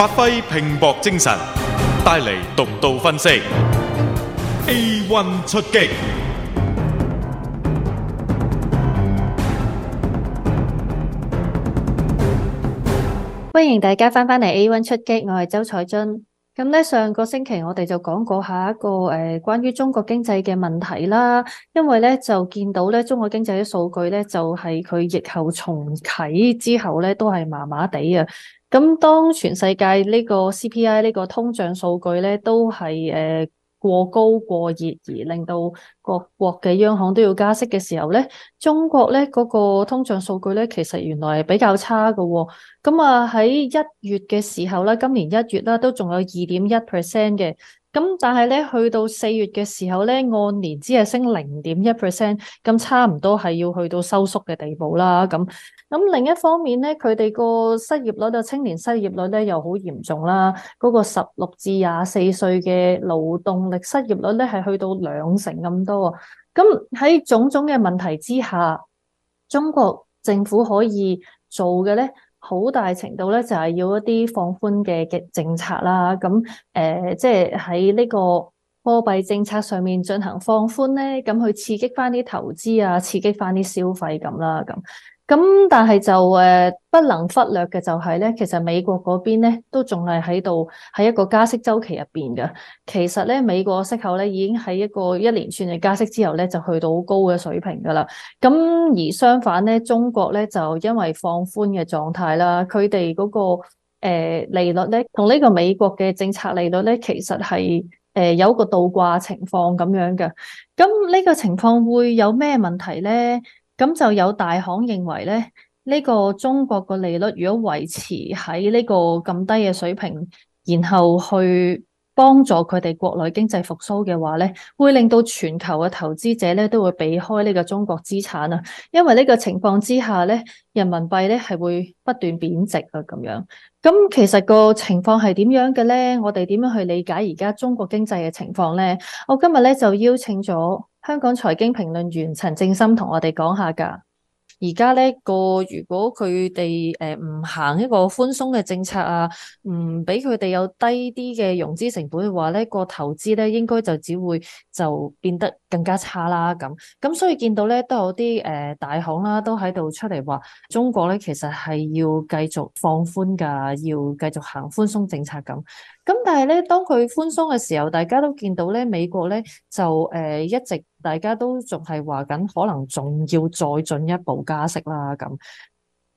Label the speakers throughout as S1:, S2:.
S1: 發揮拼搏精神，帶嚟獨到分析。
S2: A1 出擊，歡迎大家翻返嚟 A1 出擊，我係周采蓁。咁咧，上個星期我哋就講過下一個誒，關於中國經濟嘅問題啦。因為咧就見到咧中國經濟啲數據咧，就係佢疫後重啟之後咧，都係麻麻地啊。咁當全世界呢個 CPI 呢個，通脹數據咧都係誒過高過熱，而令到各國嘅央行都要加息嘅時候咧，中國咧嗰、那個通脹數據咧，其實原來係比較差嘅喎、哦。咁啊，喺一月嘅時候啦，今年一月啦都仲有二點一 percent 嘅。咁但係咧，去到四月嘅時候咧，按年只係升零點一 percent，咁差唔多係要去到收縮嘅地步啦。咁咁另一方面咧，佢哋個失業率啊，青年失業率咧又好嚴重啦。嗰個十六至廿四歲嘅勞動力失業率咧，係去到兩成咁多。咁喺種種嘅問題之下，中國政府可以做嘅咧？好大程度咧，就係、是、要一啲放寬嘅嘅政策啦。咁，誒、呃，即係喺呢個貨幣政策上面進行放寬咧，咁去刺激翻啲投資啊，刺激翻啲消費咁啦，咁。咁但係就誒不能忽略嘅就係咧，其實美國嗰邊咧都仲係喺度喺一個加息周期入邊嘅。其實咧美國息口咧已經喺一個一連串嘅加息之後咧就去到好高嘅水平噶啦。咁而相反咧，中國咧就因為放寬嘅狀態啦，佢哋嗰個、呃、利率咧同呢個美國嘅政策利率咧其實係誒有一個倒掛情況咁樣嘅。咁呢個情況會有咩問題咧？咁就有大行認為咧，呢個中國個利率如果維持喺呢個咁低嘅水平，然後去幫助佢哋國內經濟復甦嘅話咧，會令到全球嘅投資者咧都會避開呢個中國資產啊，因為呢個情況之下咧，人民幣咧係會不斷貶值啊咁樣。咁其實個情況係點樣嘅咧？我哋點樣去理解而家中國經濟嘅情況咧？我今日咧就邀請咗，香港財經評論員陳政深同我哋講下㗎，而家咧個如果佢哋誒唔行一個寬鬆嘅政策啊，唔俾佢哋有低啲嘅融資成本嘅話咧，呢個投資咧應該就只會就變得。更加差啦，咁咁所以見到咧，都有啲誒、呃、大行啦，都喺度出嚟話中國咧，其實係要繼續放寬㗎，要繼續行寬鬆政策咁。咁但係咧，當佢寬鬆嘅時候，大家都見到咧，美國咧就誒、呃、一直大家都仲係話緊，可能仲要再進一步加息啦咁。個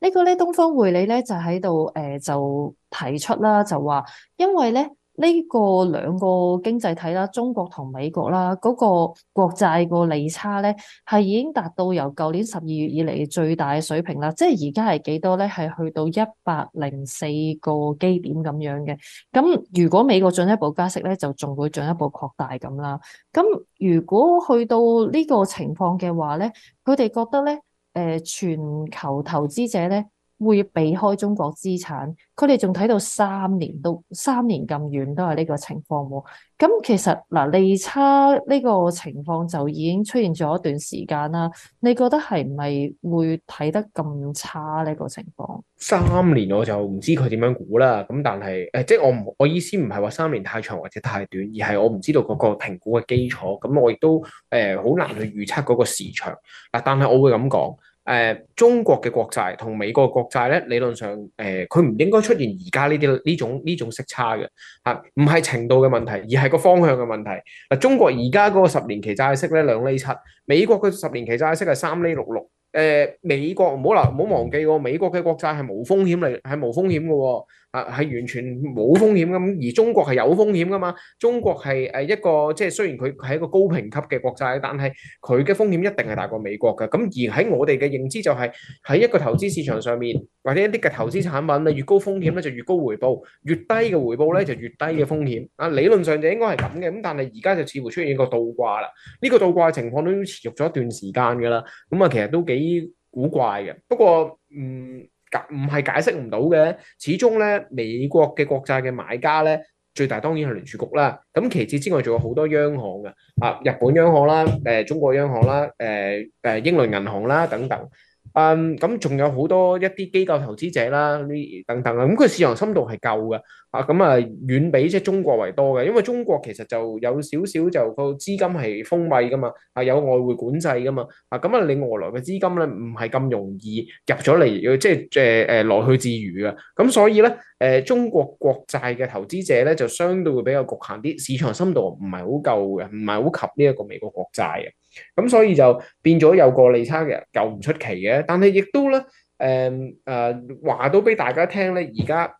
S2: 呢個咧，東方匯理咧就喺度誒就提出啦，就話因為咧。呢個兩個經濟體啦，中國同美國啦，嗰、那個國債個利差咧，係已經達到由舊年十二月以嚟最大嘅水平啦。即係而家係幾多咧？係去到一百零四個基點咁樣嘅。咁如果美國進一步加息咧，就仲會進一步擴大咁啦。咁如果去到呢個情況嘅話咧，佢哋覺得咧，誒、呃、全球投資者咧。會避開中國資產，佢哋仲睇到三年都三年咁遠都係呢個情況喎、啊。咁其實嗱，利差呢個情況就已經出現咗一段時間啦。你覺得係咪會睇得咁差呢個情況？
S1: 三年我就唔知佢點樣估啦。咁但係誒，即係我唔我意思唔係話三年太長或者太短，而係我唔知道嗰個評估嘅基礎。咁我亦都誒好、呃、難去預測嗰個市場。嗱，但係我會咁講。誒、呃，中國嘅國債同美國國債咧，理論上誒，佢、呃、唔應該出現而家呢啲呢種呢種息差嘅吓，唔、呃、係程度嘅問題，而係個方向嘅問題。嗱、呃，中國而家嗰個十年期債息咧兩厘七，美國嘅十年期債息係三厘六六。誒、呃，美國唔好留，唔好忘記、哦，美國嘅國債係冇風險嚟，係冇風險嘅、哦。啊，係完全冇風險㗎，而中國係有風險㗎嘛？中國係誒一個即係雖然佢係一個高評級嘅國債，但係佢嘅風險一定係大過美國嘅。咁而喺我哋嘅認知就係、是、喺一個投資市場上面，或者一啲嘅投資產品啊，越高風險咧就越高回報，越低嘅回報咧就越低嘅風險。啊，理論上就應該係咁嘅，咁但係而家就似乎出現一個倒掛啦。呢、這個倒掛嘅情況都持續咗一段時間噶啦，咁啊其實都幾古怪嘅。不過，嗯。唔係解釋唔到嘅，始終咧美國嘅國債嘅買家咧，最大當然係聯儲局啦。咁其次之外，仲有好多央行嘅，啊日本央行啦，誒、呃、中國央行啦，誒、呃、誒英倫銀行啦等等。嗯，咁仲有好多一啲機構投資者啦，呢等等啊，咁佢市場深度係夠嘅，啊，咁啊遠比即係中國為多嘅，因為中國其實就有少少就個資金係封閉㗎嘛，係有外匯管制㗎嘛，啊，咁啊，嗯、你外來嘅資金咧唔係咁容易入咗嚟，即係誒誒來去自如啊，咁所以咧，誒、呃、中國國債嘅投資者咧就相對會比較局限啲，市場深度唔係好夠嘅，唔係好及呢一個美國國債嘅。咁所以就變咗有個利差嘅，又唔出奇嘅。但係亦都咧，誒誒話到俾大家聽咧，而家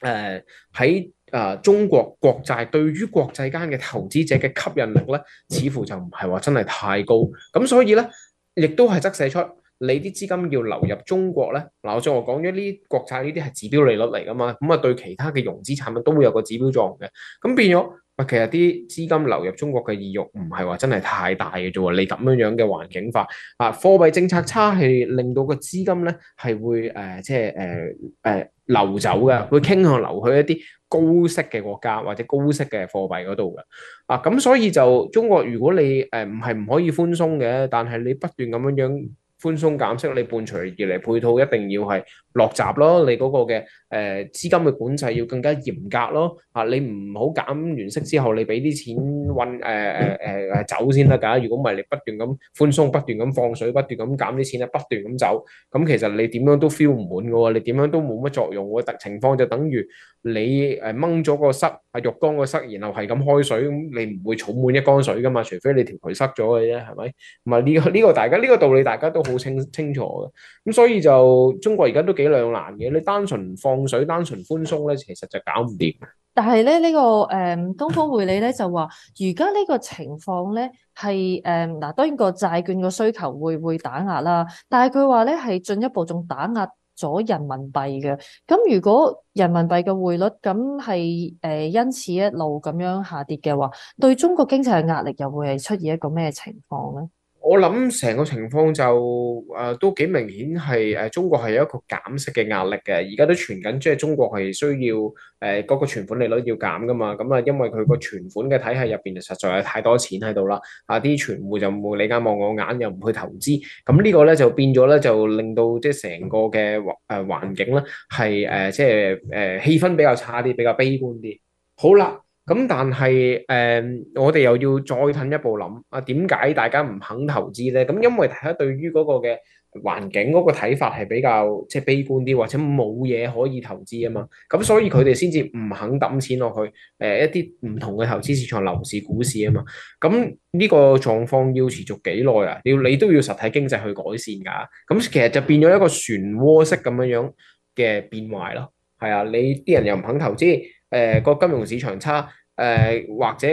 S1: 誒喺啊中國國債對於國際間嘅投資者嘅吸引力咧，似乎就唔係話真係太高。咁所以咧，亦都係側寫出。你啲資金要流入中國咧，嗱我再講咗呢國債呢啲係指標利率嚟㗎嘛，咁啊對其他嘅融資產品都會有個指標作用嘅。咁變咗，其實啲資金流入中國嘅意欲唔係話真係太大嘅啫喎。你咁樣樣嘅環境化啊，貨幣政策差係令到個資金咧係會誒即係誒誒流走嘅，會傾向流去一啲高息嘅國家或者高息嘅貨幣嗰度嘅。啊咁，所以就中國如果你誒唔係唔可以寬鬆嘅，但係你不斷咁樣樣。寬鬆減息，你伴隨而嚟配套一定要係落閘咯，你嗰個嘅誒資金嘅管制要更加嚴格咯。嚇，你唔好減完息之後，你俾啲錢運誒誒誒走先得㗎。如果唔係，你不斷咁寬鬆，不斷咁放水，不斷咁減啲錢啊，不斷咁走，咁其實你點樣都 feel 唔滿㗎喎，你點樣都冇乜作用喎。特情況就等於你誒掹咗個塞，啊浴缸個塞，然後係咁開水，咁你唔會儲滿一缸水㗎嘛，除非你條渠塞咗嘅啫，係咪？唔係呢個呢個大家呢個道理大家都。好清清楚嘅，咁所以就中國而家都幾兩難嘅。你單純放水，單純寬鬆咧，其實就搞唔掂。
S2: 但係咧呢個誒，東方匯理咧就話，而家呢個情況咧係誒嗱，當然個債券個需求會會打壓啦。但係佢話咧係進一步仲打壓咗人民幣嘅。咁如果人民幣嘅匯率咁係誒因此一路咁樣下跌嘅話，對中國經濟嘅壓力又會係出現一個咩情況咧？
S1: 我諗成個情況就誒、呃、都幾明顯係誒、呃、中國係有一個減息嘅壓力嘅，而家都存緊即係中國係需要誒嗰、呃、個存款利率要減㗎嘛，咁、嗯、啊因為佢個存款嘅體系入邊就實在係太多錢喺度啦，啊啲存戶就唔會你眼望我眼又唔去投資，咁、嗯這個、呢個咧就變咗咧就令到即係成個嘅誒環境咧係誒即係誒、呃、氣氛比較差啲，比較悲觀啲。好啦。咁但係誒、呃，我哋又要再進一步諗啊，點解大家唔肯投資咧？咁因為大家對於嗰個嘅環境嗰個睇法係比較即係悲觀啲，或者冇嘢可以投資啊嘛。咁所以佢哋先至唔肯揼錢落去誒、呃、一啲唔同嘅投資市場、樓市、股市啊嘛。咁呢個狀況要持續幾耐啊？要你都要實體經濟去改善㗎。咁其實就變咗一個漩渦式咁樣樣嘅變壞咯。係啊，你啲人又唔肯投資，誒、呃、個金融市場差。誒、呃、或者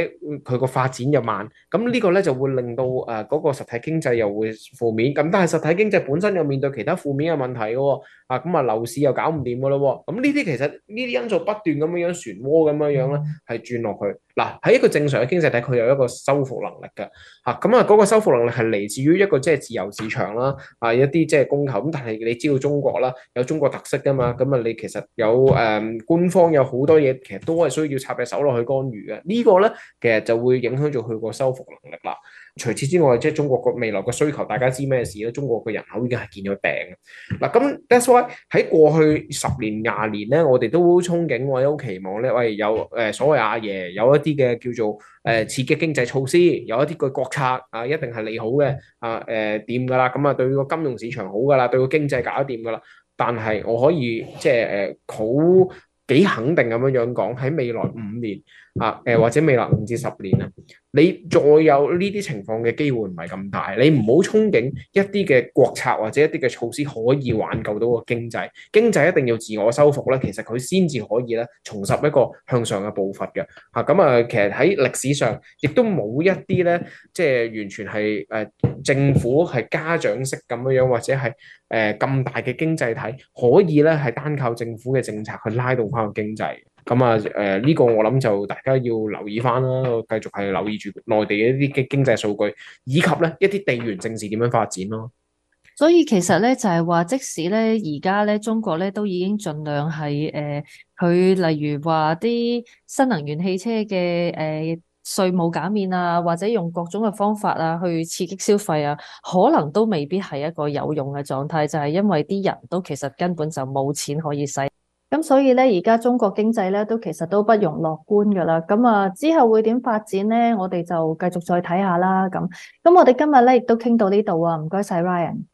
S1: 佢個發展又慢，咁呢個咧就會令到誒嗰、呃嗰個實體經濟又會負面，咁但係實體經濟本身又面對其他負面嘅問題嘅喎，啊咁啊樓市又搞唔掂嘅咯喎，咁呢啲其實呢啲因素不斷咁樣樣旋渦咁樣樣咧係轉落去。嗱，喺一個正常嘅經濟體，佢有一個修復能力嘅嚇，咁啊嗰、那個修復能力係嚟自於一個即係自由市場啦，啊一啲即係供求，咁，但係你知道中國啦有中國特色噶嘛，咁啊你其實有誒、呃、官方有好多嘢，其實都係需要插隻手落去干預嘅，這個、呢個咧其實就會影響咗佢個修復能力啦。除此之外，即係中國個未來嘅需求，大家知咩事咧？中國嘅人口已經係見咗頂。嗱，咁 that's why 喺過去十年廿年咧，我哋都好憧憬，我都好期望咧，喂，有誒、呃、所謂阿爺有一啲嘅叫做誒、呃、刺激經濟措施，有一啲嘅國策啊、呃，一定係利好嘅啊誒，掂噶啦，咁啊對個金融市場好噶啦、嗯，對個經濟搞掂噶啦。但係我可以即係誒好幾肯定咁樣樣講喺未來五年。啊誒或者未來五至十年啊，你再有呢啲情況嘅機會唔係咁大，你唔好憧憬一啲嘅國策或者一啲嘅措施可以挽救到個經濟。經濟一定要自我修復咧，其實佢先至可以咧重拾一個向上嘅步伐嘅。嚇咁啊，其實喺歷史上亦都冇一啲咧，即係完全係誒政府係家長式咁樣，或者係誒咁大嘅經濟體可以咧係單靠政府嘅政策去拉動翻個經濟。咁啊，誒呢、呃這個我諗就大家要留意返啦，繼續係留意住內地嘅一啲經經濟數據，以及咧一啲地緣政治點樣發展咯。
S2: 所以其實咧就係話，即使咧而家咧中國咧都已經盡量係誒，佢、呃、例如話啲新能源汽車嘅誒、呃、稅務減免啊，或者用各種嘅方法啊去刺激消費啊，可能都未必係一個有用嘅狀態，就係、是、因為啲人都其實根本就冇錢可以使。咁所以咧，而家中國經濟咧都其實都不容樂觀㗎喇。咁啊，之後會點發展呢？我哋就繼續再睇下啦。咁，咁我哋今日咧亦都傾到呢度啊。唔該晒，Ryan。